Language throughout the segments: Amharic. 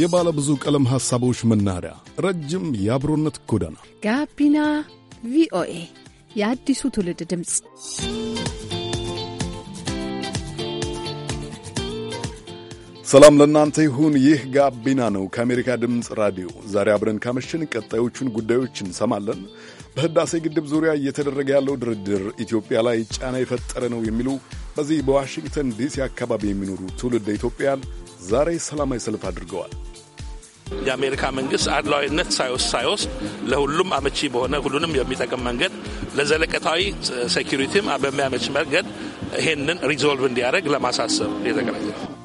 የባለ ብዙ ቀለም ሐሳቦች መናኸሪያ፣ ረጅም የአብሮነት ጎዳና፣ ጋቢና ቪኦኤ የአዲሱ ትውልድ ድምፅ። ሰላም ለእናንተ ይሁን። ይህ ጋቢና ነው ከአሜሪካ ድምፅ ራዲዮ። ዛሬ አብረን ካመሸን ቀጣዮቹን ጉዳዮች እንሰማለን። በህዳሴ ግድብ ዙሪያ እየተደረገ ያለው ድርድር ኢትዮጵያ ላይ ጫና የፈጠረ ነው የሚሉ በዚህ በዋሽንግተን ዲሲ አካባቢ የሚኖሩ ትውልደ ኢትዮጵያን ዛሬ ሰላማዊ ሰልፍ አድርገዋል። የአሜሪካ መንግስት አድላዊነት ሳይወስድ ሳይወስድ ለሁሉም አመቺ በሆነ ሁሉንም የሚጠቅም መንገድ ለዘለቀታዊ ሴኪሪቲም በሚያመች መንገድ ይሄንን ሪዞልቭ እንዲያደርግ ለማሳሰብ የተገናኘ ነው።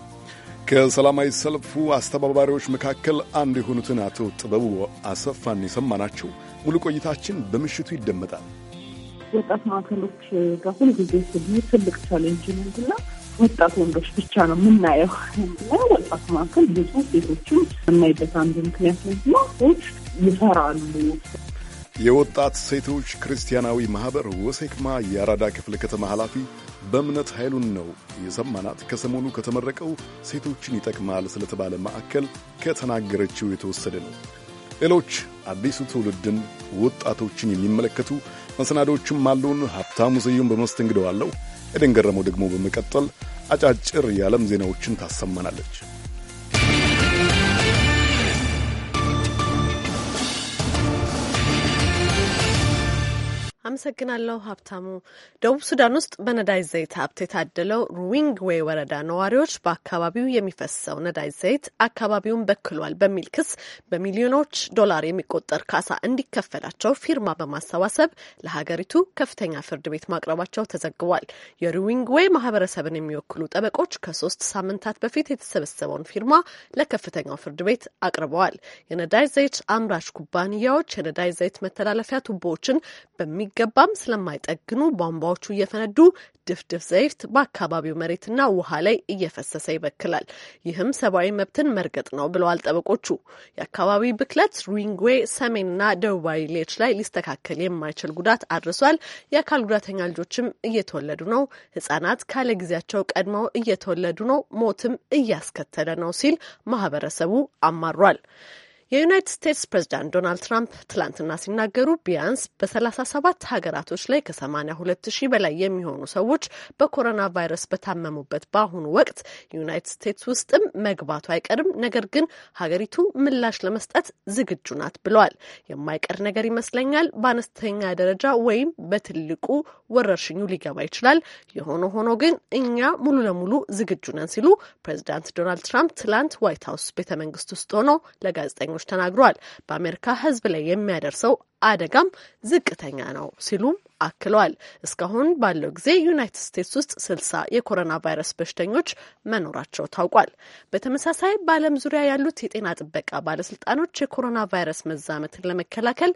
ከሰላማዊ ሰልፉ አስተባባሪዎች መካከል አንዱ የሆኑትን አቶ ጥበቡ አሰፋን የሰማናቸው። ሙሉ ቆይታችን በምሽቱ ይደመጣል። ወጣት ማዕከሎች ጋር ሁልጊዜ ስድይ ትልቅ ቻሌንጅ ምንድነው? ወጣት ወንዶች ብቻ ነው የምናየው። ወጣት ማዕከል ብዙ ሴቶችም የማይበት አንዱ ምክንያት ምንድነው? ሴቶች ይሰራሉ። የወጣት ሴቶች ክርስቲያናዊ ማህበር ወሴክማ የአራዳ ክፍለ ከተማ ኃላፊ በእምነት ኃይሉን ነው የሰማናት። ከሰሞኑ ከተመረቀው ሴቶችን ይጠቅማል ስለተባለ ማዕከል ከተናገረችው የተወሰደ ነው። ሌሎች አዲሱ ትውልድን ወጣቶችን የሚመለከቱ መሰናዶዎችም አሉን። ሀብታሙ ስዩም በመስተንግደው አለው። ኤደን ገረመው ደግሞ በመቀጠል አጫጭር የዓለም ዜናዎችን ታሰማናለች። አመሰግናለሁ ሀብታሙ። ደቡብ ሱዳን ውስጥ በነዳጅ ዘይት ሀብት የታደለው ሩዊንግዌ ወረዳ ነዋሪዎች በአካባቢው የሚፈሰው ነዳጅ ዘይት አካባቢውን በክሏል በሚል ክስ በሚሊዮኖች ዶላር የሚቆጠር ካሳ እንዲከፈላቸው ፊርማ በማሰባሰብ ለሀገሪቱ ከፍተኛ ፍርድ ቤት ማቅረባቸው ተዘግቧል። የሩዊንግዌ ማህበረሰብን የሚወክሉ ጠበቆች ከሶስት ሳምንታት በፊት የተሰበሰበውን ፊርማ ለከፍተኛው ፍርድ ቤት አቅርበዋል። የነዳጅ ዘይት አምራች ኩባንያዎች የነዳጅ ዘይት መተላለፊያ ቱቦዎችን በሚ እንደሚገባም ስለማይጠግኑ ቧንቧዎቹ እየፈነዱ ድፍድፍ ዘይት በአካባቢው መሬትና ውሃ ላይ እየፈሰሰ ይበክላል። ይህም ሰብአዊ መብትን መርገጥ ነው ብለዋል ጠበቆቹ። የአካባቢ ብክለት ሩዊንግዌ ሰሜንና ደቡባዊ ሌች ላይ ሊስተካከል የማይችል ጉዳት አድርሷል። የአካል ጉዳተኛ ልጆችም እየተወለዱ ነው። ህጻናት ካለ ጊዜያቸው ቀድመው እየተወለዱ ነው። ሞትም እያስከተለ ነው ሲል ማህበረሰቡ አማሯል። የዩናይትድ ስቴትስ ፕሬዚዳንት ዶናልድ ትራምፕ ትላንትና ሲናገሩ ቢያንስ በ37 ሀገራቶች ላይ ከ82 ሺህ በላይ የሚሆኑ ሰዎች በኮሮና ቫይረስ በታመሙበት በአሁኑ ወቅት ዩናይትድ ስቴትስ ውስጥም መግባቱ አይቀርም፣ ነገር ግን ሀገሪቱ ምላሽ ለመስጠት ዝግጁ ናት ብለዋል። የማይቀር ነገር ይመስለኛል። በአነስተኛ ደረጃ ወይም በትልቁ ወረርሽኙ ሊገባ ይችላል። የሆነ ሆኖ ግን እኛ ሙሉ ለሙሉ ዝግጁ ነን ሲሉ ፕሬዚዳንት ዶናልድ ትራምፕ ትላንት ዋይት ሀውስ ቤተ መንግስት ውስጥ ሆነው ለጋዜጠኞች ተናግሯል። በአሜሪካ ህዝብ ላይ የሚያደርሰው አደጋም ዝቅተኛ ነው ሲሉም አክለዋል። እስካሁን ባለው ጊዜ ዩናይትድ ስቴትስ ውስጥ ስልሳ የኮሮና ቫይረስ በሽተኞች መኖራቸው ታውቋል። በተመሳሳይ በዓለም ዙሪያ ያሉት የጤና ጥበቃ ባለስልጣኖች የኮሮና ቫይረስ መዛመትን ለመከላከል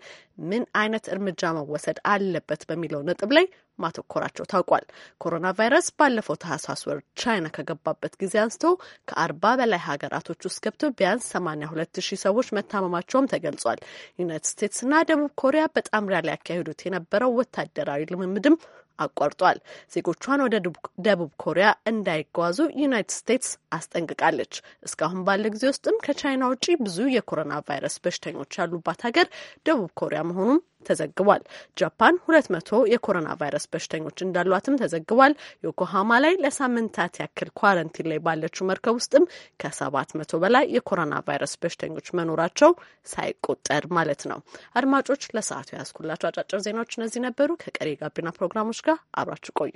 ምን አይነት እርምጃ መወሰድ አለበት በሚለው ነጥብ ላይ ማተኮራቸው ታውቋል። ኮሮና ቫይረስ ባለፈው ታህሳስ ወር ቻይና ከገባበት ጊዜ አንስቶ ከአርባ በላይ ሀገራቶች ውስጥ ገብቶ ቢያንስ ሰማንያ ሁለት ሺህ ሰዎች መታመማቸውም ተገልጿል። ዩናይትድ ስቴትስና ደቡብ ኮሪያ በጣምራ ሊያካሂዱት የነበረው ወታደራዊ ልምምድም አቋርጧል። ዜጎቿን ወደ ደቡብ ኮሪያ እንዳይጓዙ ዩናይትድ ስቴትስ አስጠንቅቃለች። እስካሁን ባለ ጊዜ ውስጥም ከቻይና ውጪ ብዙ የኮሮና ቫይረስ በሽተኞች ያሉባት ሀገር ደቡብ ኮሪያ መሆኑም ተዘግቧል። ጃፓን ሁለት መቶ የኮሮና ቫይረስ በሽተኞች እንዳሏትም ተዘግቧል። ዮኮሃማ ላይ ለሳምንታት ያክል ኳረንቲን ላይ ባለችው መርከብ ውስጥም ከሰባት መቶ በላይ የኮሮና ቫይረስ በሽተኞች መኖራቸው ሳይቆጠር ማለት ነው። አድማጮች ለሰዓቱ የያዝኩላቸው አጫጭር ዜናዎች እነዚህ ነበሩ። ከቀሪ ጋቢና ፕሮግራሞች ጋር አብራችሁ ቆዩ።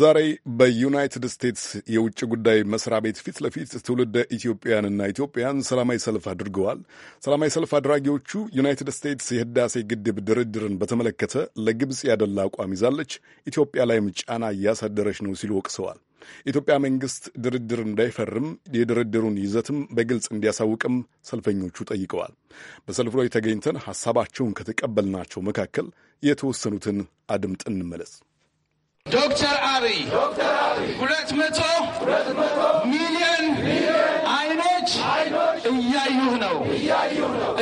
ዛሬ በዩናይትድ ስቴትስ የውጭ ጉዳይ መስሪያ ቤት ፊት ለፊት ትውልደ ኢትዮጵያንና ኢትዮጵያን ሰላማዊ ሰልፍ አድርገዋል። ሰላማዊ ሰልፍ አድራጊዎቹ ዩናይትድ ስቴትስ የህዳሴ ግድብ ድርድርን በተመለከተ ለግብፅ ያደላ አቋም ይዛለች፣ ኢትዮጵያ ላይም ጫና እያሳደረች ነው ሲሉ ወቅሰዋል። የኢትዮጵያ መንግስት ድርድር እንዳይፈርም የድርድሩን ይዘትም በግልጽ እንዲያሳውቅም ሰልፈኞቹ ጠይቀዋል። በሰልፍ ላይ ተገኝተን ሀሳባቸውን ከተቀበልናቸው መካከል የተወሰኑትን አድምጥ እንመለስ። ዶክተር አብይ ሁለት መቶ ሚሊዮን አይኖች እያዩህ ነው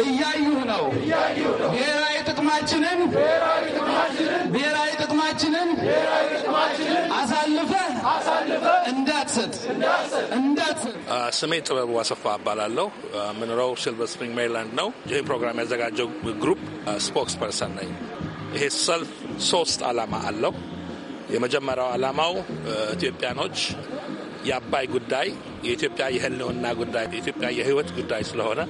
እያዩህ ነው። ብሔራዊ ጥቅማችንን ብሔራዊ ጥቅማችንን አሳልፈህ እንዳትሰጥ እንዳትሰጥ። ስሜ ጥበቡ አሰፋ እባላለሁ። ምኖረው ሲልቨር ስፕሪንግ ሜሪላንድ ነው። ይህ ፕሮግራም ያዘጋጀው ግሩፕ ስፖክስ ፐርሰን ነኝ። ይሄ ሰልፍ ሶስት ዓላማ አለው። የመጀመሪያው ዓላማው ኢትዮጵያኖች የአባይ ጉዳይ የኢትዮጵያ የህልውና ጉዳይ የኢትዮጵያ የህይወት ጉዳይ ስለሆነ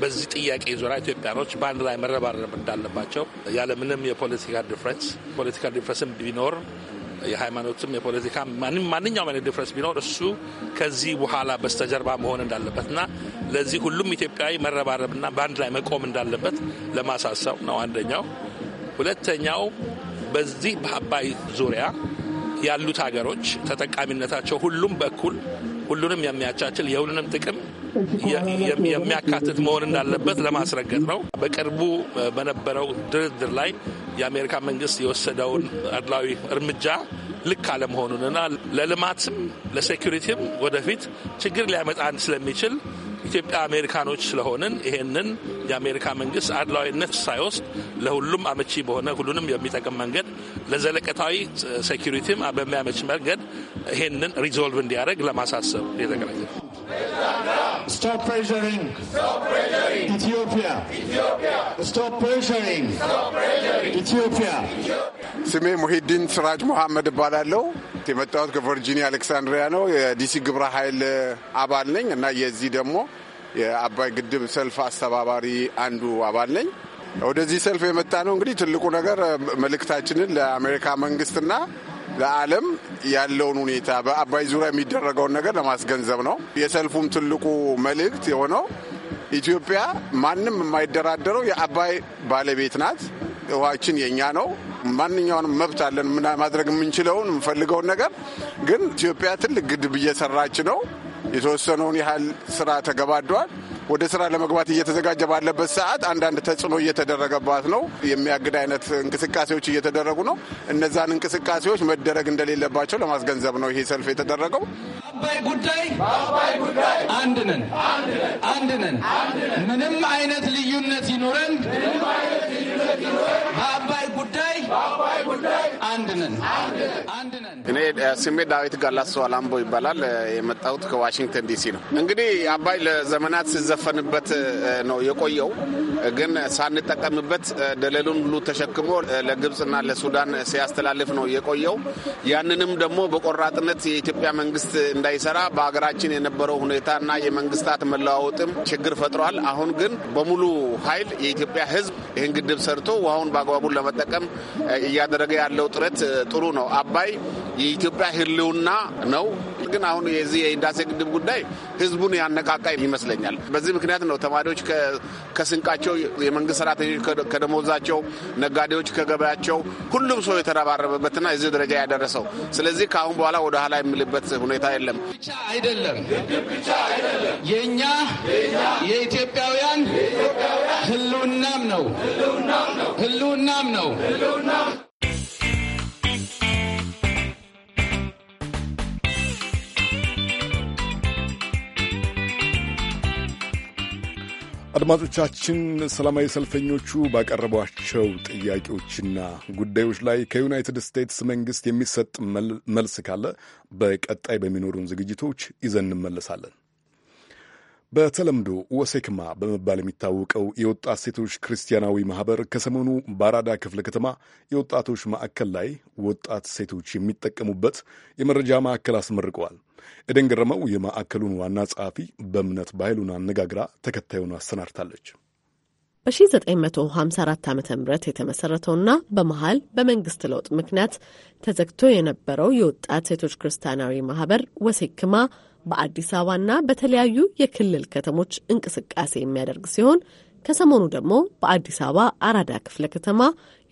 በዚህ ጥያቄ ዙሪያ ኢትዮጵያኖች በአንድ ላይ መረባረብ እንዳለባቸው ያለምንም የፖለቲካ ዲፍረንስ ፖለቲካ ዲፍረንስም ቢኖር የሃይማኖትም የፖለቲካ ማንኛውም አይነት ዲፍረንስ ቢኖር እሱ ከዚህ በኋላ በስተጀርባ መሆን እንዳለበት ለዚህ ሁሉም ኢትዮጵያዊ መረባረብና በአንድ ላይ መቆም እንዳለበት ለማሳሰብ ነው አንደኛው። ሁለተኛው በዚህ በአባይ ዙሪያ ያሉት ሀገሮች ተጠቃሚነታቸው ሁሉም በኩል ሁሉንም የሚያቻችል የሁሉንም ጥቅም የሚያካትት መሆን እንዳለበት ለማስረገጥ ነው። በቅርቡ በነበረው ድርድር ላይ የአሜሪካ መንግስት የወሰደውን አድላዊ እርምጃ ልክ አለመሆኑንና ለልማትም ለሴኩሪቲም ወደፊት ችግር ሊያመጣ ስለሚችል ኢትዮጵያ አሜሪካኖች ስለሆንን ይሄንን የአሜሪካ መንግስት አድላዊነት ሳይወስድ ለሁሉም አመቺ በሆነ ሁሉንም የሚጠቅም መንገድ ለዘለቀታዊ ሴኪሪቲም በሚያመች መንገድ ይሄንን ሪዞልቭ እንዲያደርግ ለማሳሰብ የተገናኘ ስሜ ሙሂዲን ስራጅ መሐመድ እባላለሁ። የመጣሁት ከቨርጂኒያ አሌክሳንድሪያ ነው። የዲሲ ግብረ ኃይል አባል ነኝ እና የዚህ ደግሞ የአባይ ግድብ ሰልፍ አስተባባሪ አንዱ አባል ነኝ። ወደዚህ ሰልፍ የመጣ ነው እንግዲህ ትልቁ ነገር መልእክታችንን ለአሜሪካ መንግስትና ለዓለም ያለውን ሁኔታ በአባይ ዙሪያ የሚደረገውን ነገር ለማስገንዘብ ነው። የሰልፉም ትልቁ መልእክት የሆነው ኢትዮጵያ ማንም የማይደራደረው የአባይ ባለቤት ናት። ውሃችን የኛ ነው። ማንኛውንም መብት አለን ማድረግ የምንችለውን የምንፈልገውን ነገር ግን ኢትዮጵያ ትልቅ ግድብ እየሰራች ነው። የተወሰነውን ያህል ስራ ተገባደዋል። ወደ ስራ ለመግባት እየተዘጋጀ ባለበት ሰዓት አንዳንድ ተጽዕኖ እየተደረገባት ነው። የሚያግድ አይነት እንቅስቃሴዎች እየተደረጉ ነው። እነዛን እንቅስቃሴዎች መደረግ እንደሌለባቸው ለማስገንዘብ ነው ይሄ ሰልፍ የተደረገው። አባይ ጉዳይ አንድ ነን፣ አንድ ነን። ምንም አይነት ልዩነት ይኖረን በአባይ ጉዳይ እኔ ስሜ ዳዊት ጋላሶ አላምቦ ይባላል። የመጣሁት ከዋሽንግተን ዲሲ ነው። እንግዲህ አባይ ለዘመናት ሲዘፈንበት ነው የቆየው፣ ግን ሳንጠቀምበት ደለሉን ሁሉ ተሸክሞ ለግብፅና ለሱዳን ሲያስተላልፍ ነው የቆየው። ያንንም ደግሞ በቆራጥነት የኢትዮጵያ መንግስት እንዳይሰራ በሀገራችን የነበረው ሁኔታና የመንግስታት መለዋወጥም ችግር ፈጥሯል። አሁን ግን በሙሉ ኃይል የኢትዮጵያ ሕዝብ ይህን ግድብ ሰርቶ ውሃውን በአግባቡን ለመጠቀም እያደረገ ያለው ጥረት ጥሩ ነው። አባይ የኢትዮጵያ ሕልውና ነው። ግን አሁን የዚህ የህዳሴ ግድብ ጉዳይ ህዝቡን ያነቃቃ ይመስለኛል። በዚህ ምክንያት ነው ተማሪዎች ከስንቃቸው፣ የመንግስት ሰራተኞች ከደሞዛቸው፣ ነጋዴዎች ከገበያቸው፣ ሁሉም ሰው የተረባረበበትና እዚህ ደረጃ ያደረሰው። ስለዚህ ከአሁን በኋላ ወደ ኋላ የምልበት ሁኔታ የለም ብቻ አይደለም የእኛ የኢትዮጵያውያን ህልውናም ነው ህልውናም ነው አድማጮቻችን ሰላማዊ ሰልፈኞቹ ባቀረቧቸው ጥያቄዎችና ጉዳዮች ላይ ከዩናይትድ ስቴትስ መንግስት የሚሰጥ መልስ ካለ በቀጣይ በሚኖሩን ዝግጅቶች ይዘን እንመለሳለን። በተለምዶ ወሴክማ በመባል የሚታወቀው የወጣት ሴቶች ክርስቲያናዊ ማህበር ከሰሞኑ በአራዳ ክፍለ ከተማ የወጣቶች ማዕከል ላይ ወጣት ሴቶች የሚጠቀሙበት የመረጃ ማዕከል አስመርቀዋል። ኤደን ገረመው የማዕከሉን ዋና ጸሐፊ በእምነት ባይሉን አነጋግራ ተከታዩን አሰናድታለች። በ1954 ዓ ም የተመሠረተውና በመሃል በመንግስት ለውጥ ምክንያት ተዘግቶ የነበረው የወጣት ሴቶች ክርስቲያናዊ ማህበር ወሴክማ በአዲስ አበባና በተለያዩ የክልል ከተሞች እንቅስቃሴ የሚያደርግ ሲሆን ከሰሞኑ ደግሞ በአዲስ አበባ አራዳ ክፍለ ከተማ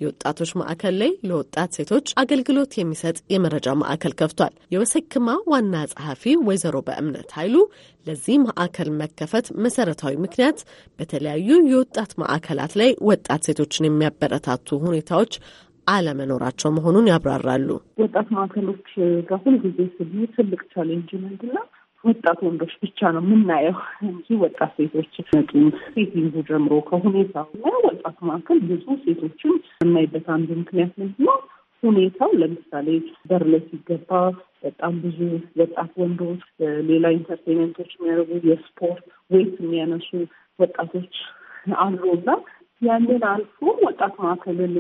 የወጣቶች ማዕከል ላይ ለወጣት ሴቶች አገልግሎት የሚሰጥ የመረጃ ማዕከል ከፍቷል። የወሰክማ ዋና ጸሐፊ ወይዘሮ በእምነት ኃይሉ ለዚህ ማዕከል መከፈት መሰረታዊ ምክንያት በተለያዩ የወጣት ማዕከላት ላይ ወጣት ሴቶችን የሚያበረታቱ ሁኔታዎች አለመኖራቸው መሆኑን ያብራራሉ። ወጣት ማዕከሎች ጋር ሁልጊዜ ስሉ ትልቅ ቻሌንጅ ምንድን ነው? ወጣት ወንዶች ብቻ ነው የምናየው እንጂ ወጣት ሴቶች መጡም ሴት ጀምሮ ከሁኔታው ላይ ወጣት መካከል ብዙ ሴቶችን የምናይበት አንዱ ምክንያት ምንድን ሁኔታው ለምሳሌ በር ላይ ሲገባ በጣም ብዙ ወጣት ወንዶች፣ ሌላ ኢንተርቴንመንቶች የሚያደርጉ የስፖርት ዌት የሚያነሱ ወጣቶች አሉ እና ያንን አልፎ ወጣት ማዕከልን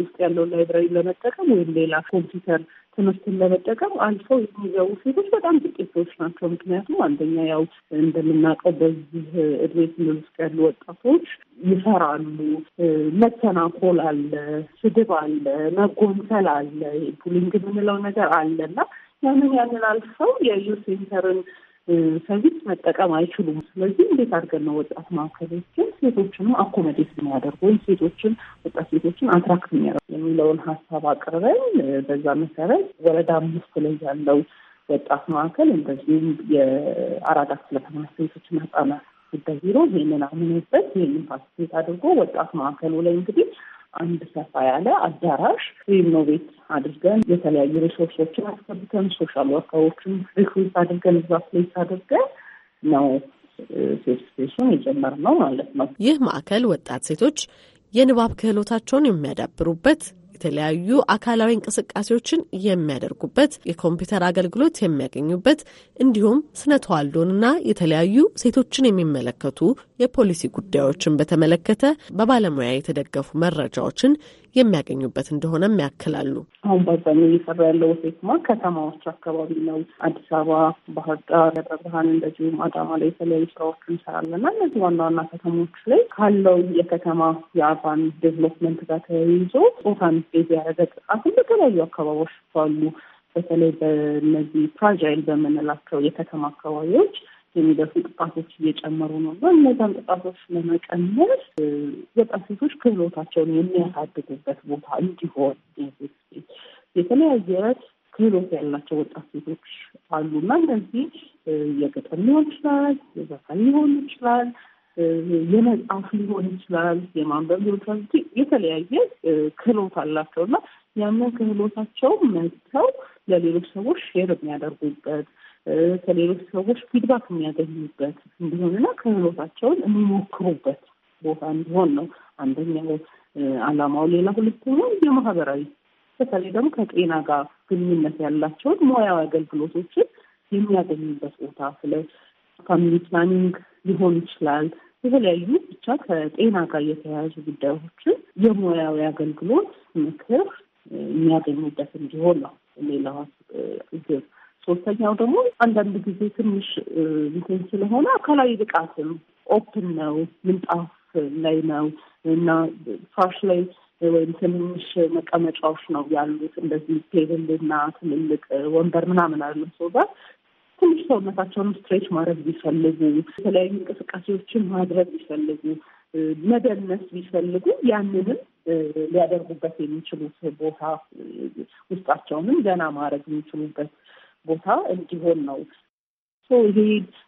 ውስጥ ያለውን ላይብራሪ ለመጠቀም ወይም ሌላ ኮምፒውተር ትምህርትን ለመጠቀም አልፈው የሚገቡ ሴቶች በጣም ሰዎች ናቸው። ምክንያቱም አንደኛ ያው እንደምናውቀው በዚህ እድሜ ክልል ውስጥ ያሉ ወጣቶች ይፈራሉ። መተናኮል አለ፣ ስድብ አለ፣ መጎንተል አለ፣ ቡሊንግ የምንለው ነገር አለ እና ያንን ያንን አልፈው የዩ ሴንተርን ሰርቪስ መጠቀም አይችሉም። ስለዚህ እንዴት አድርገን ነው ወጣት ማዕከሎችን ሴቶችንም አኮመዴት የሚያደርጉ ወይም ሴቶችን ወጣት ሴቶችን አትራክት የሚያደርጉ የሚለውን ሀሳብ አቅርበን በዛ መሰረት ወረዳ አምስት ላይ ያለው ወጣት ማዕከል እንደዚሁም የአራዳ ክፍለ ከተማ ሴቶችና ህጻናት ጉዳይ ቢሮ ይህንን አምኖበት ይህንን ፋሲሊቴት አድርጎ ወጣት ማዕከሉ ላይ እንግዲህ አንድ ሰፋ ያለ አዳራሽ ሪኖቬት አድርገን የተለያዩ ሪሶርሶችን አስገብተን ሶሻል ወርከሮችን ሪክሩት አድርገን እዛ ፕሌስ አድርገን ነው ሴፍ ስፔሱን የጀመርነው ማለት ነው። ይህ ማዕከል ወጣት ሴቶች የንባብ ክህሎታቸውን የሚያዳብሩበት የተለያዩ አካላዊ እንቅስቃሴዎችን የሚያደርጉበት የኮምፒውተር አገልግሎት የሚያገኙበት እንዲሁም ስነ ተዋልዶንና የተለያዩ ሴቶችን የሚመለከቱ የፖሊሲ ጉዳዮችን በተመለከተ በባለሙያ የተደገፉ መረጃዎችን የሚያገኙበት እንደሆነም ያክላሉ። አሁን በአብዛኛው እየሰራ ያለው ማ ከተማዎች አካባቢ ነው። አዲስ አበባ፣ ባህር ዳር፣ ደብረ ብርሃን እንደዚሁም አዳማ ላይ የተለያዩ ስራዎች እንሰራለና እነዚህ ዋና ዋና ከተሞች ላይ ካለው የከተማ የአርባን ዴቨሎፕመንት ጋር ተያይዞ ቦታን ቤዝ ያደረገ ጥቃትን በተለያዩ አካባቢዎች ባሉ በተለይ በነዚህ ፍራጃይል በምንላቸው የከተማ አካባቢዎች የሚደርሱ ጥቃቶች እየጨመሩ ነው እና እነዚ ጥቃቶች ለመቀነስ ወጣት ሴቶች ክህሎታቸውን የሚያሳድጉበት ቦታ እንዲሆን የተለያየ ክህሎት ያላቸው ወጣት ሴቶች አሉ እና እነዚህ የገጠም ሊሆን ይችላል፣ የዘፈን ሊሆን ይችላል፣ የመጽሐፍ ሊሆን ይችላል፣ የማንበብ ሊሆን ይችላል። የተለያየ ክህሎት አላቸው እና ያንን ክህሎታቸው መጥተው ለሌሎች ሰዎች ሼር የሚያደርጉበት ከሌሎች ሰዎች ፊድባክ የሚያገኙበት እንዲሆንና ክህሎታቸውን የሚሞክሩበት ቦታ እንዲሆን ነው አንደኛው አላማው ሌላ ሁለተኛው የማህበራዊ በተለይ ደግሞ ከጤና ጋር ግንኙነት ያላቸውን ሙያዊ አገልግሎቶችን የሚያገኙበት ቦታ ስለ ፋሚሊ ፕላኒንግ ሊሆን ይችላል። የተለያዩ ብቻ ከጤና ጋር የተያያዙ ጉዳዮችን የሙያዊ አገልግሎት ምክር የሚያገኙበት እንዲሆን ነው ሌላዋ ግብ ሶስተኛው ደግሞ አንዳንድ ጊዜ ትንሽ እንትን ስለሆነ አካላዊ ብቃትም ኦፕን ነው፣ ምንጣፍ ላይ ነው እና ፋሽ ላይ ወይም ትንሽ መቀመጫዎች ነው ያሉት። እንደዚህ ቴብል እና ትልልቅ ወንበር ምናምን አለ ሰው ጋር ትንሽ ሰውነታቸውን ስትሬች ማድረግ ቢፈልጉ የተለያዩ እንቅስቃሴዎችን ማድረግ ቢፈልጉ መደነስ ቢፈልጉ ያንንም ሊያደርጉበት የሚችሉት ቦታ ውስጣቸውንም ገና ማድረግ የሚችሉበት ቦታ እንዲሆን ነው። ይሄ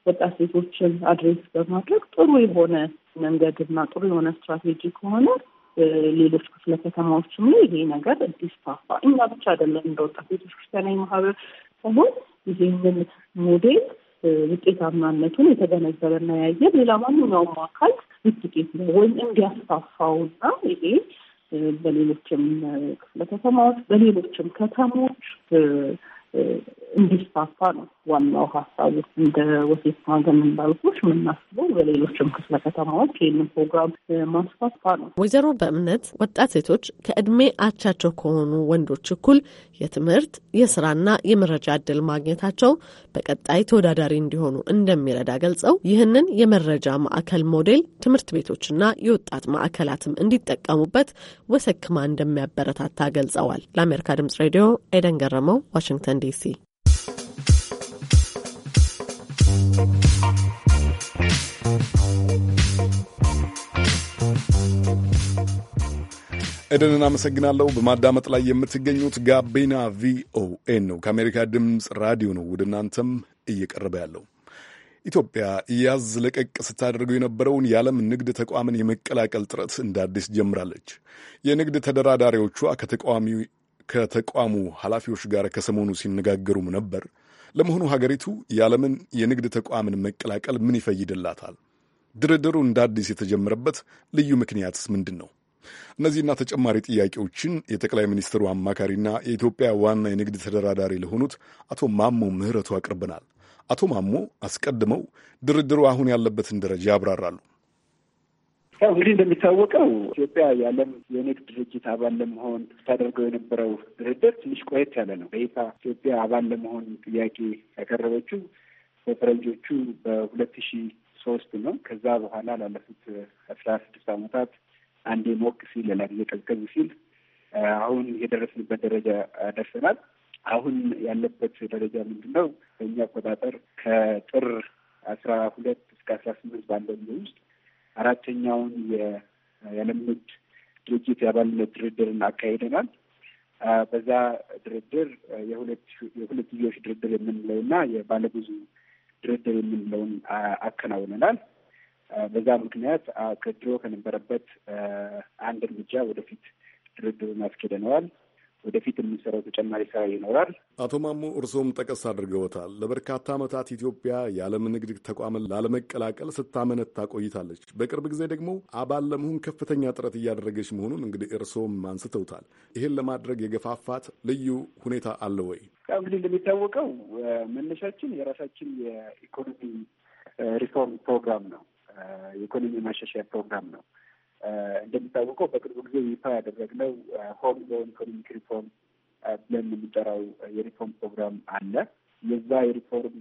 ወጣት ሴቶችን አድሬስ በማድረግ ጥሩ የሆነ መንገድና ጥሩ የሆነ ስትራቴጂ ከሆነ ሌሎች ክፍለ ከተማዎችም ላይ ይሄ ነገር እንዲስፋፋ እኛ ብቻ አይደለም እንደ ወጣት ሴቶች ክርስቲያናዊ ማህበር ሳይሆን ይህንን ሞዴል ውጤታማነቱን የተገነዘበ የተገነዘበና ያየ ሌላ ማንኛውም አካል ውጤት ነው ወይም እንዲያስፋፋውና ይሄ በሌሎችም ክፍለ ከተማዎች በሌሎችም ከተሞች እንዲስፋፋ ነው ዋናው ሀሳቡ። እንደ ወሴት ማገምን ባሉቶች የምናስበው በሌሎችም ክፍለ ከተማዎች ይህንን ፕሮግራም ማስፋፋ ነው። ወይዘሮ በእምነት ወጣት ሴቶች ከእድሜ አቻቸው ከሆኑ ወንዶች እኩል የትምህርት የስራና የመረጃ እድል ማግኘታቸው በቀጣይ ተወዳዳሪ እንዲሆኑ እንደሚረዳ ገልጸው ይህንን የመረጃ ማዕከል ሞዴል ትምህርት ቤቶችና የወጣት ማዕከላትም እንዲጠቀሙበት ወሰክማ እንደሚያበረታታ ገልጸዋል። ለአሜሪካ ድምጽ ሬዲዮ ኤደን ገረመው ዋሽንግተን ዲሲ። ኤደንን አመሰግናለሁ። በማዳመጥ ላይ የምትገኙት ጋቢና ቪኦኤ ነው፣ ከአሜሪካ ድምፅ ራዲዮ ነው ወደ እናንተም እየቀረበ ያለው። ኢትዮጵያ ያዝ ለቀቅ ስታደርገው የነበረውን የዓለም ንግድ ተቋምን የመቀላቀል ጥረት እንደ አዲስ ጀምራለች። የንግድ ተደራዳሪዎቿ ከተቋሙ ኃላፊዎች ጋር ከሰሞኑ ሲነጋገሩም ነበር። ለመሆኑ ሀገሪቱ የዓለምን የንግድ ተቋምን መቀላቀል ምን ይፈይድላታል? ድርድሩ እንደ አዲስ የተጀመረበት ልዩ ምክንያትስ ምንድን ነው? እነዚህና ተጨማሪ ጥያቄዎችን የጠቅላይ ሚኒስትሩ አማካሪና የኢትዮጵያ ዋና የንግድ ተደራዳሪ ለሆኑት አቶ ማሞ ምህረቱ አቅርበናል። አቶ ማሞ አስቀድመው ድርድሩ አሁን ያለበትን ደረጃ ያብራራሉ። ያው እንግዲህ እንደሚታወቀው ኢትዮጵያ የዓለም የንግድ ድርጅት አባል ለመሆን ተደርገው የነበረው ድርድር ትንሽ ቆየት ያለ ነው። በይፋ ኢትዮጵያ አባል ለመሆን ጥያቄ ያቀረበችው በፈረንጆቹ በሁለት ሺ ሶስት ነው። ከዛ በኋላ ላለፉት አስራ ስድስት ዓመታት አንዴ ሞቅ ሲል ሌላ ጊዜ ቀዝቀዝ ሲል አሁን የደረስንበት ደረጃ ደርሰናል። አሁን ያለበት ደረጃ ምንድን ነው? በእኛ አቆጣጠር ከጥር አስራ ሁለት እስከ አስራ ስምንት ባለው ጊዜ ውስጥ አራተኛውን የልምድ ድርጅት የአባልነት ድርድርን አካሂደናል። በዛ ድርድር የሁለትዮሽ ድርድር የምንለው እና የባለብዙ ድርድር የምንለውን አከናውነናል። በዛ ምክንያት ከድሮ ከነበረበት አንድ እርምጃ ወደፊት ድርድሩን አስኬደነዋል። ወደፊት የምንሰራው ተጨማሪ ስራ ይኖራል። አቶ ማሞ እርስዎም ጠቀስ አድርገውታል። ለበርካታ ዓመታት ኢትዮጵያ የዓለም ንግድ ተቋምን ላለመቀላቀል ስታመነታ ቆይታለች። በቅርብ ጊዜ ደግሞ አባል ለመሆን ከፍተኛ ጥረት እያደረገች መሆኑን እንግዲህ እርስዎም አንስተውታል። ይህን ለማድረግ የገፋፋት ልዩ ሁኔታ አለ ወይ? እንግዲህ እንደሚታወቀው መነሻችን የራሳችን የኢኮኖሚ ሪፎርም ፕሮግራም ነው። የኢኮኖሚ ማሻሻያ ፕሮግራም ነው። እንደሚታወቀው በቅርቡ ጊዜ ይፋ ያደረግነው ሆም ዞን ኢኮኖሚክ ሪፎርም ብለን የሚጠራው የሪፎርም ፕሮግራም አለ። የዛ የሪፎርም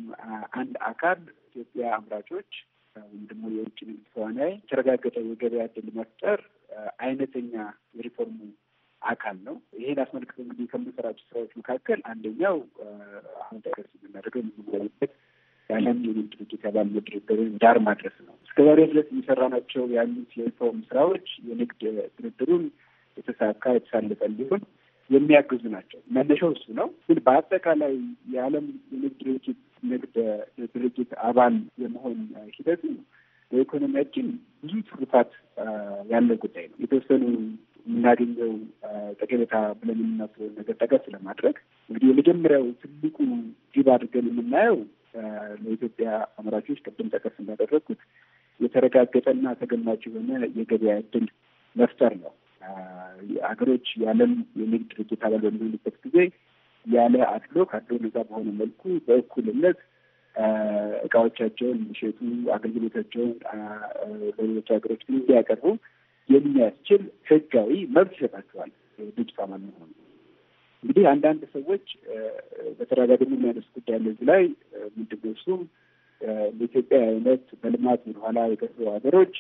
አንድ አካል ኢትዮጵያ አምራቾች ወይም ደግሞ የውጭ ንግድ ተዋናይ የተረጋገጠ የገበያ እድል መፍጠር አይነተኛ የሪፎርሙ አካል ነው። ይሄን አስመልክቶ እንግዲህ ከምንሰራቸው ስራዎች መካከል አንደኛው አሁን ጠቀስ የምናደርገው የምንወያይበት የዓለም የንግድ ድርጅት አባል ድርድርን ዳር ማድረስ ነው። እስከዛሬ ድረስ የሚሰራናቸው ያሉት የሪፎርም ስራዎች የንግድ ድርድሩን የተሳካ የተሳለጠ እንዲሆን የሚያግዙ ናቸው። መነሻው እሱ ነው። ግን በአጠቃላይ የዓለም የንግድ ድርጅት ንግድ ድርጅት አባል የመሆን ሂደቱ በኢኮኖሚያችን ብዙ ትሩፋት ያለው ጉዳይ ነው። የተወሰኑ የምናገኘው ጠቀሜታ ብለን የምናስበው ነገር ጠቀስ ለማድረግ እንግዲህ የመጀመሪያው ትልቁ ዲብ አድርገን የምናየው ለኢትዮጵያ አምራቾች ቅድም ጠቀስ እንዳደረግኩት የተረጋገጠና ተገማች የሆነ የገበያ እድል መፍጠር ነው። ሀገሮች የዓለም የንግድ ድርጅት አባል በሚሆንበት ጊዜ ያለ አድሎ ከአድሎ ነጻ በሆነ መልኩ በእኩልነት እቃዎቻቸውን የሚሸጡ አገልግሎታቸውን ለሌሎች ሀገሮች እንዲያቀርቡ የሚያስችል ህጋዊ መብት ይሰጣቸዋል ድርጅት አባል መሆኑ እንግዲህ አንዳንድ ሰዎች በተደጋጋሚ የሚያነሱ ጉዳይ ለዚህ ላይ ምንድን ነው እሱም በኢትዮጵያ አይነት በልማት ወደኋላ የገዙ ሀገሮች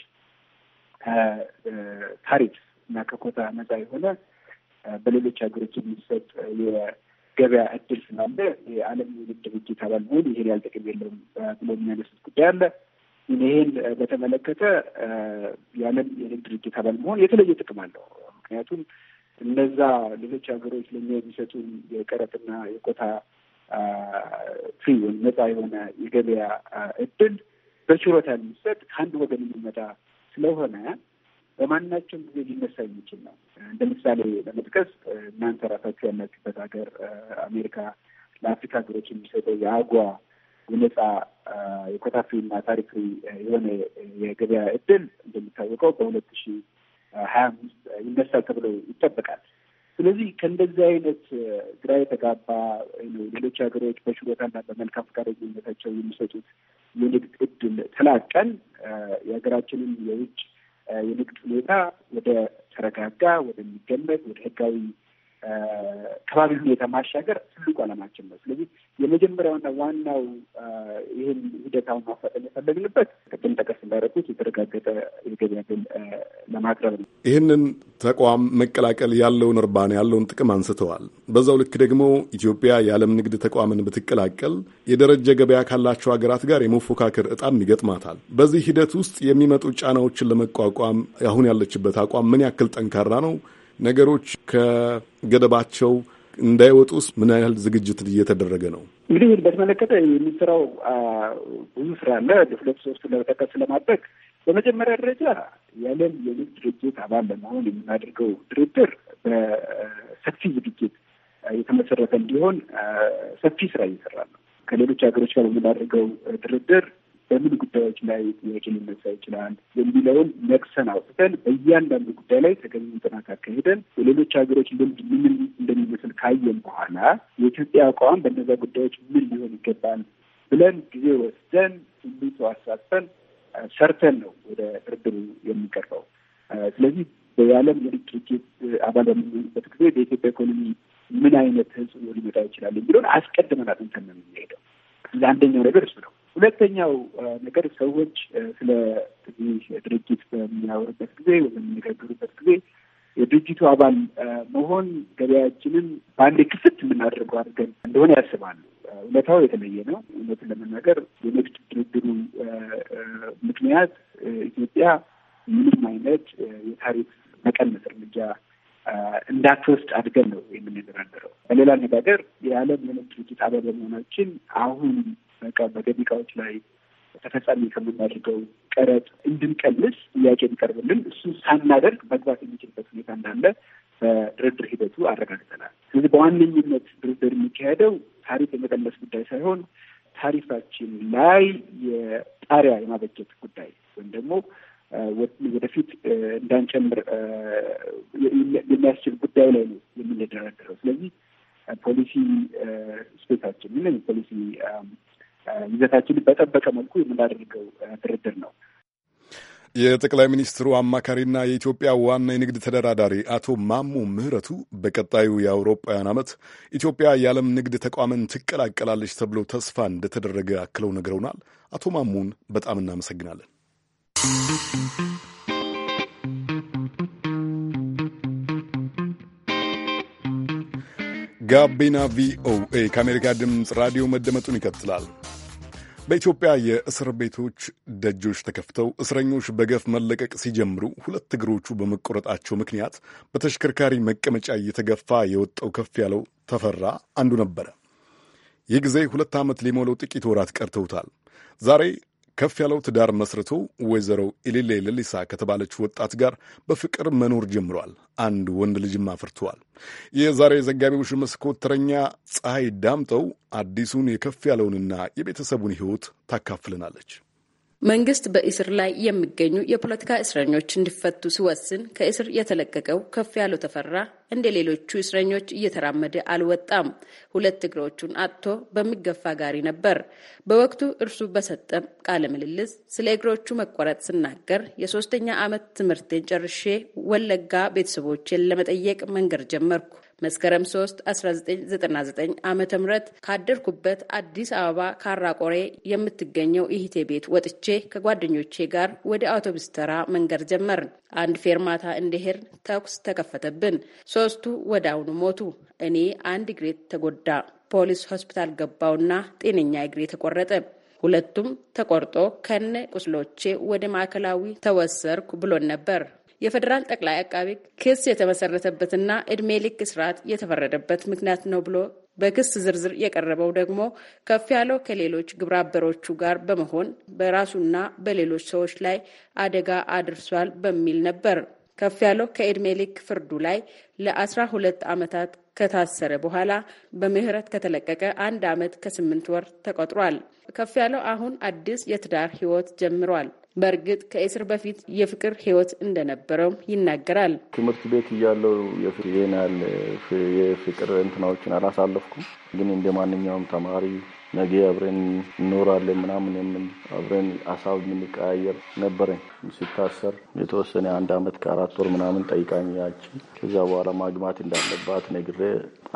ከታሪፍ እና ከኮታ ነጻ የሆነ በሌሎች ሀገሮች የሚሰጥ የገበያ እድል ስላለ የዓለም ንግድ ድርጅት አባል መሆን ይሄን ያህል ጥቅም የለውም ብሎ የሚያነሱት ጉዳይ አለ። ይህን በተመለከተ የዓለም የንግድ ድርጅት አባል መሆን የተለየ ጥቅም አለው። ምክንያቱም እነዛ ሌሎች ሀገሮች ለእኛ የሚሰጡን የቀረጥና የቆታ ፍሪ ወይም ነጻ የሆነ የገበያ እድል በችሮታ የሚሰጥ ከአንድ ወገን የሚመጣ ስለሆነ በማናቸውም ጊዜ ሊነሳ የሚችል ነው። እንደ ምሳሌ ለመጥቀስ እናንተ ራሳችሁ ያላችሁበት ሀገር አሜሪካ ለአፍሪካ ሀገሮች የሚሰጠው የአጓ የነጻ የኮታ ፍሪና ታሪክ ፍሪ የሆነ የገበያ እድል እንደሚታወቀው በሁለት ሺህ ሀያ አምስት ይነሳል ተብሎ ይጠበቃል። ስለዚህ ከእንደዚህ አይነት ግራ የተጋባ ሌሎች ሀገሮች በችሎታና በመልካም ፈቃደኝነታቸው የሚሰጡት የንግድ እድል ተላቀን የሀገራችንን የውጭ የንግድ ሁኔታ ወደ ተረጋጋ፣ ወደሚገመት፣ ወደ ህጋዊ ከባቢ ሁኔታ ማሻገር ትልቁ ዓላማችን ነው። ስለዚህ የመጀመሪያውና ዋናው ይህን ሂደት አሁን ማፋጠን የፈለግንበት ቅድም ጠቀስ እንዳደረጉት የተረጋገጠ የገበያ ግን ለማቅረብ ነው። ይህንን ተቋም መቀላቀል ያለውን እርባና ያለውን ጥቅም አንስተዋል። በዛው ልክ ደግሞ ኢትዮጵያ የዓለም ንግድ ተቋምን ብትቀላቀል የደረጀ ገበያ ካላቸው ሀገራት ጋር የመፎካከር እጣም ይገጥማታል። በዚህ ሂደት ውስጥ የሚመጡ ጫናዎችን ለመቋቋም አሁን ያለችበት አቋም ምን ያክል ጠንካራ ነው? ነገሮች ከገደባቸው እንዳይወጡስ ምን ያህል ዝግጅት እየተደረገ ነው? እንግዲህ በተመለከተ የሚሰራው ብዙ ስራ አለ። ሁለት ሶስት ለመጠቀስ ለማድረግ በመጀመሪያ ደረጃ የዓለም የንግድ ድርጅት አባል ለመሆን የምናደርገው ድርድር በሰፊ ዝግጅት የተመሰረተ እንዲሆን ሰፊ ስራ እየሰራ ነው። ከሌሎች ሀገሮች ጋር የምናደርገው ድርድር በምን ጉዳዮች ላይ ጥያቄ ሊነሳ ይችላል የሚለውን ነቅሰን አውጥተን በእያንዳንዱ ጉዳይ ላይ ተገቢ ጥናት አካሄደን የሌሎች ሀገሮች ልምድ ምን እንደሚመስል ካየን በኋላ የኢትዮጵያ አቋም በእነዛ ጉዳዮች ምን ሊሆን ይገባል ብለን ጊዜ ወስደን ሁሉም ሰው ሰርተን ነው ወደ ድርድሩ የሚቀርበው። ስለዚህ የዓለም የንግድ ድርጅት አባል በምንሆንበት ጊዜ በኢትዮጵያ ኢኮኖሚ ምን አይነት ተጽዕኖ ሊመጣ ይችላል የሚለውን አስቀድመን አጥንተን ነው የሚሄደው። ስለዚህ አንደኛው ነገር እሱ ነው። ሁለተኛው ነገር ሰዎች ስለ ድርጅት በሚያወሩበት ጊዜ በሚነጋገሩበት ጊዜ የድርጅቱ አባል መሆን ገበያችንን በአንድ ክፍት የምናደርገው አድርገን እንደሆነ ያስባሉ። እውነታው የተለየ ነው። እውነቱን ለመናገር የንግድ ድርድሩ ምክንያት ኢትዮጵያ ምንም አይነት የታሪፍ መቀነስ እርምጃ እንዳትወስድ አድርገን ነው የምንደራደረው። በሌላ አነጋገር የዓለም የንግድ ድርጅት አባል በመሆናችን አሁን በቃ በገቢ እቃዎች ላይ ተፈጻሚ ከምናደርገው ቀረጥ እንድንቀንስ ጥያቄ ቢቀርብልን እሱ ሳናደርግ መግባት የሚችልበት ሁኔታ እንዳለ በድርድር ሂደቱ አረጋግጠናል። ስለዚህ በዋነኝነት ድርድር የሚካሄደው ታሪፍ የመቀነስ ጉዳይ ሳይሆን ታሪፋችን ላይ የጣሪያ የማበጀት ጉዳይ ወይም ደግሞ ወደፊት እንዳንጨምር የሚያስችል ጉዳይ ላይ ነው የምንደረደረው። ስለዚህ ፖሊሲ ስፔሳችን ፖሊሲ ይዘታችንን በጠበቀ መልኩ የምናደርገው ድርድር ነው። የጠቅላይ ሚኒስትሩ አማካሪና የኢትዮጵያ ዋና የንግድ ተደራዳሪ አቶ ማሞ ምህረቱ በቀጣዩ የአውሮፓውያን ዓመት ኢትዮጵያ የዓለም ንግድ ተቋምን ትቀላቀላለች ተብሎ ተስፋ እንደተደረገ አክለው ነግረውናል። አቶ ማሞን በጣም እናመሰግናለን። ጋቢና ቪኦኤ ከአሜሪካ ድምፅ ራዲዮ መደመጡን ይቀጥላል። በኢትዮጵያ የእስር ቤቶች ደጆች ተከፍተው እስረኞች በገፍ መለቀቅ ሲጀምሩ ሁለት እግሮቹ በመቆረጣቸው ምክንያት በተሽከርካሪ መቀመጫ እየተገፋ የወጣው ከፍ ያለው ተፈራ አንዱ ነበረ። ይህ ጊዜ ሁለት ዓመት ሊሞላው ጥቂት ወራት ቀርተውታል። ዛሬ ከፍ ያለው ትዳር መስርቶ ወይዘሮ ኢሊሌ ለሊሳ ከተባለች ወጣት ጋር በፍቅር መኖር ጀምሯል። አንድ ወንድ ልጅም አፍርተዋል። የዛሬ ዘጋቢዎች መስኮት ተረኛ ፀሐይ ዳምጠው አዲሱን የከፍ ያለውንና የቤተሰቡን ሕይወት ታካፍልናለች። መንግስት በእስር ላይ የሚገኙ የፖለቲካ እስረኞች እንዲፈቱ ሲወስን ከእስር የተለቀቀው ከፍ ያለው ተፈራ እንደ ሌሎቹ እስረኞች እየተራመደ አልወጣም። ሁለት እግሮቹን አጥቶ በሚገፋ ጋሪ ነበር። በወቅቱ እርሱ በሰጠም ቃለ ምልልስ ስለ እግሮቹ መቆረጥ ስናገር የሶስተኛ ዓመት ትምህርቴን ጨርሼ ወለጋ ቤተሰቦቼን ለመጠየቅ መንገድ ጀመርኩ። መስከረም 3 1999 ዓ ም ካደርኩበት አዲስ አበባ ካራቆሬ የምትገኘው ይህቴ ቤት ወጥቼ ከጓደኞቼ ጋር ወደ አውቶቡስ ተራ መንገድ ጀመርን። አንድ ፌርማታ እንደሄድ ተኩስ ተከፈተብን። ሶስቱ ወዳውኑ ሞቱ። እኔ አንድ እግሬ ተጎዳ። ፖሊስ ሆስፒታል ገባውና ጤነኛ እግሬ ተቆረጠ። ሁለቱም ተቆርጦ ከነ ቁስሎቼ ወደ ማዕከላዊ ተወሰርኩ ብሎን ነበር። የፌዴራል ጠቅላይ አቃቢ ክስ የተመሰረተበትና እድሜ ልክ እስራት የተፈረደበት ምክንያት ነው ብሎ በክስ ዝርዝር የቀረበው ደግሞ ከፍ ያለው ከሌሎች ግብረአበሮቹ ጋር በመሆን በራሱና በሌሎች ሰዎች ላይ አደጋ አድርሷል በሚል ነበር። ከፍ ያለው ከዕድሜ ልክ ፍርዱ ላይ ለአስራ ሁለት ዓመታት ከታሰረ በኋላ በምህረት ከተለቀቀ አንድ ዓመት ከስምንት ወር ተቆጥሯል። ከፍ ያለው አሁን አዲስ የትዳር ህይወት ጀምሯል። በእርግጥ ከእስር በፊት የፍቅር ህይወት እንደነበረው ይናገራል። ትምህርት ቤት እያለው ይናል የፍቅር እንትናዎችን አላሳለፍኩም፣ ግን እንደ ማንኛውም ተማሪ ነገ አብረን እንኖራለን ምናምን የምን አብረን ሀሳብ የምንቀያየር ነበረኝ። ሲታሰር የተወሰነ አንድ አመት ከአራት ወር ምናምን ጠይቃኝ ከዛ በኋላ ማግማት እንዳለባት ነግሬ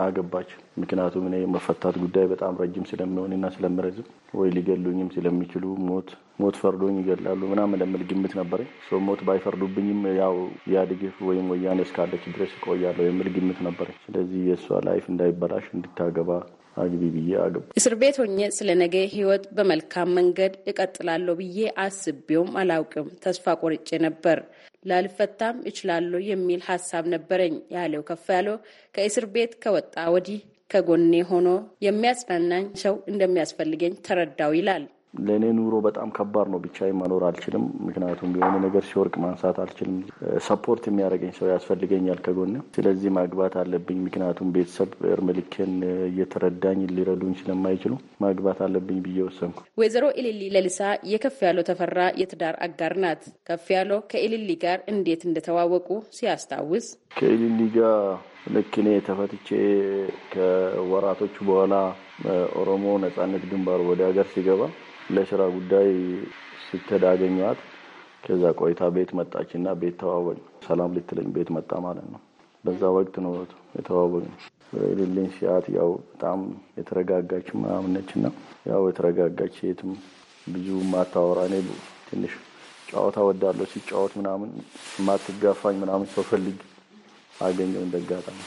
አገባች። ምክንያቱም እኔ መፈታት ጉዳይ በጣም ረጅም ስለሚሆንና ስለምረዝም ወይ ሊገሉኝም ስለሚችሉ ሞት ሞት ፈርዶኝ ይገላሉ ምናምን ለምል ግምት ነበረኝ። ሞት ባይፈርዱብኝም ያው ያድግ ወይም ወያኔ እስካለች ድረስ እቆያለሁ የምል ግምት ነበረኝ። ስለዚህ የእሷ ላይፍ እንዳይበላሽ እንድታገባ አግቢ ብዬ አገባ። እስር ቤት ሆኜ ስለ ነገ ህይወት በመልካም መንገድ እቀጥላለሁ ብዬ አስቤውም አላውቅም። ተስፋ ቆርጬ ነበር። ላልፈታም እችላለሁ የሚል ሀሳብ ነበረኝ ያለው ከፍ ያለው ከእስር ቤት ከወጣ ወዲህ ከጎኔ ሆኖ የሚያጽናናኝ ሰው እንደሚያስፈልገኝ ተረዳው ይላል። ለእኔ ኑሮ በጣም ከባድ ነው። ብቻዬን መኖር አልችልም። ምክንያቱም የሆነ ነገር ሲወርቅ ማንሳት አልችልም። ሰፖርት የሚያደርገኝ ሰው ያስፈልገኛል ከጎን። ስለዚህ ማግባት አለብኝ። ምክንያቱም ቤተሰብ እርምልኬን እየተረዳኝ ሊረዱኝ ስለማይችሉ ማግባት አለብኝ ብዬ ወሰንኩ። ወይዘሮ ኢሊሊ ለልሳ የከፍ ያለው ተፈራ የትዳር አጋር ናት። ከፍ ያለው ከኢሊሊ ጋር እንዴት እንደተዋወቁ ሲያስታውስ ከኢሊሊ ጋር ልክ እኔ ተፈትቼ ከወራቶቹ በኋላ ኦሮሞ ነጻነት ግንባር ወደ ሀገር ሲገባ ለስራ ጉዳይ ስትሄድ አገኘኋት። ከዛ ቆይታ ቤት መጣች መጣችና ቤት ተዋወቅ ሰላም ልትለኝ ቤት መጣ ማለት ነው። በዛ ወቅት ነው የተዋወቅ ሌለኝ ሲያት ያው በጣም የተረጋጋች ምናምን ነችና ያው የተረጋጋች ሴትም ብዙ ማታወራ እኔ ትንሽ ጨዋታ ወዳለሁ ሲጫወት ምናምን ማትጋፋኝ ምናምን ሰው ፈልግ አገኘው እንደጋጣሚ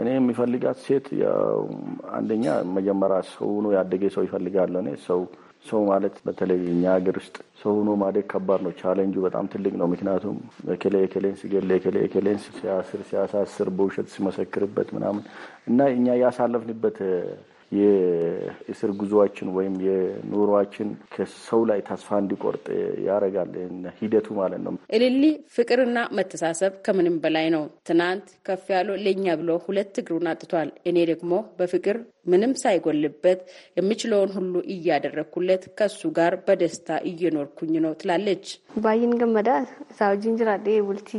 እኔ የሚፈልጋት ሴት ያው አንደኛ መጀመሪያ ሰው ነው ያደገ ሰው ይፈልጋለሁ። እኔ ሰው ሰው ማለት በተለይ እኛ ሀገር ውስጥ ሰው ሆኖ ማደግ ከባድ ነው። ቻሌንጁ በጣም ትልቅ ነው። ምክንያቱም እከሌ እከሌን ሲገል እከሌ እከሌን ሲያስር ሲያሳስር፣ በውሸት ሲመሰክርበት ምናምን እና እኛ ያሳለፍንበት የእስር ጉዞዋችን ወይም የኑሯችን ከሰው ላይ ተስፋ እንዲቆርጥ ያደርጋል ሂደቱ ማለት ነው። እልል ፍቅርና መተሳሰብ ከምንም በላይ ነው። ትናንት ከፍ ያሉ ለኛ ብሎ ሁለት እግሩን አጥቷል። እኔ ደግሞ በፍቅር ምንም ሳይጎልበት የምችለውን ሁሉ እያደረግኩለት ከሱ ጋር በደስታ እየኖርኩኝ ነው ትላለች። ባይን ገመዳ ሳውጂን ጅራዴ ቡልቲ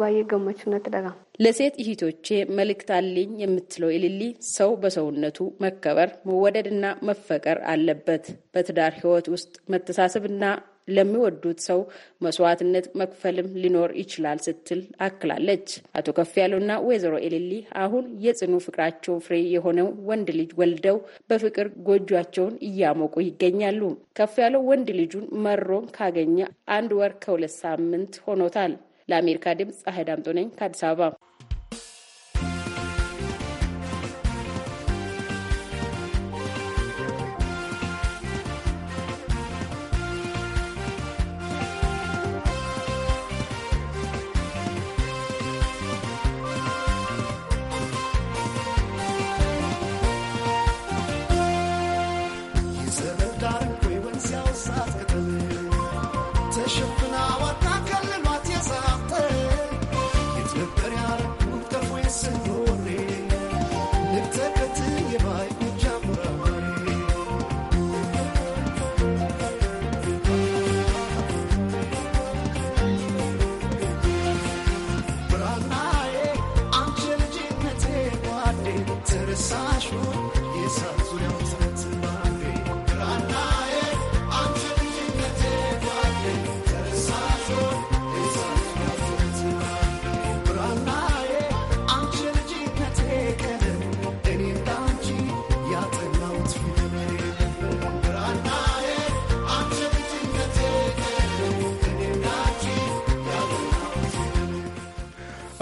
ባየ ገመችነት ደጋም ለሴት እህቶቼ መልእክት አለኝ የምትለው ኤሊሊ ሰው በሰውነቱ መከበር፣ መወደድና መፈቀር አለበት። በትዳር ህይወት ውስጥ መተሳሰብና ለሚወዱት ሰው መስዋዕትነት መክፈልም ሊኖር ይችላል ስትል አክላለች። አቶ ከፍ ያሉና ወይዘሮ ኤሊሊ አሁን የጽኑ ፍቅራቸው ፍሬ የሆነው ወንድ ልጅ ወልደው በፍቅር ጎጇቸውን እያሞቁ ይገኛሉ። ከፍ ያለው ወንድ ልጁን መሮን ካገኘ አንድ ወር ከሁለት ሳምንት ሆኖታል። ለአሜሪካ ድምፅ ፀሐይ ዳምጦ ነኝ ከአዲስ አበባ።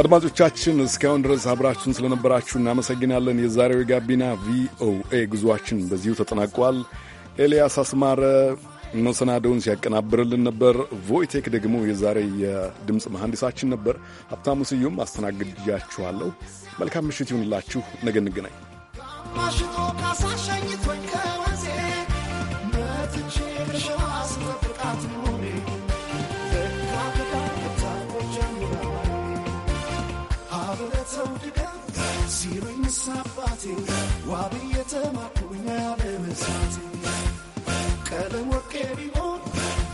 አድማጮቻችን እስካሁን ድረስ አብራችሁን ስለነበራችሁ እናመሰግናለን። የዛሬው የጋቢና ቪኦኤ ጉዞአችን በዚሁ ተጠናቋል። ኤልያስ አስማረ መሰናደውን ሲያቀናብርልን ነበር። ቮይቴክ ደግሞ የዛሬ የድምፅ መሐንዲሳችን ነበር። ሀብታሙ ስዩም አስተናግድያችኋለሁ። መልካም ምሽት ይሁንላችሁ። ነገ እንገናኝ። ሲሉኝ ሳባቴ ዋብ የተማኩኝ አለመሳቴ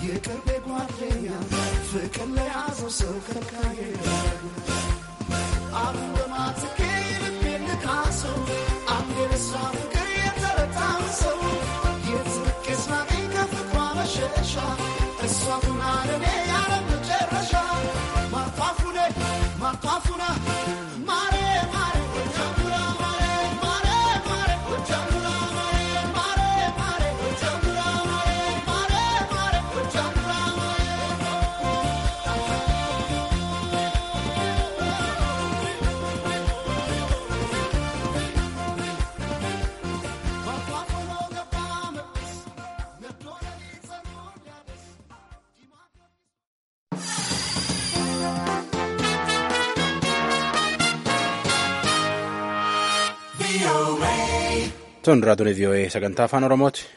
የቅርቤ ጓደኛ ፍቅር ለያዘው ሰው ከካሄ አሉ በማትኬ ልቤን ንቃሰው አንዴ ፍቅር የተረታው ሰው የትርቄ መሸሻ እሷ ሁና ያለ መጨረሻ ማጣፉኔ Toon duraa ture eh, vii'oo'ee sagantaa afaan Oromooti.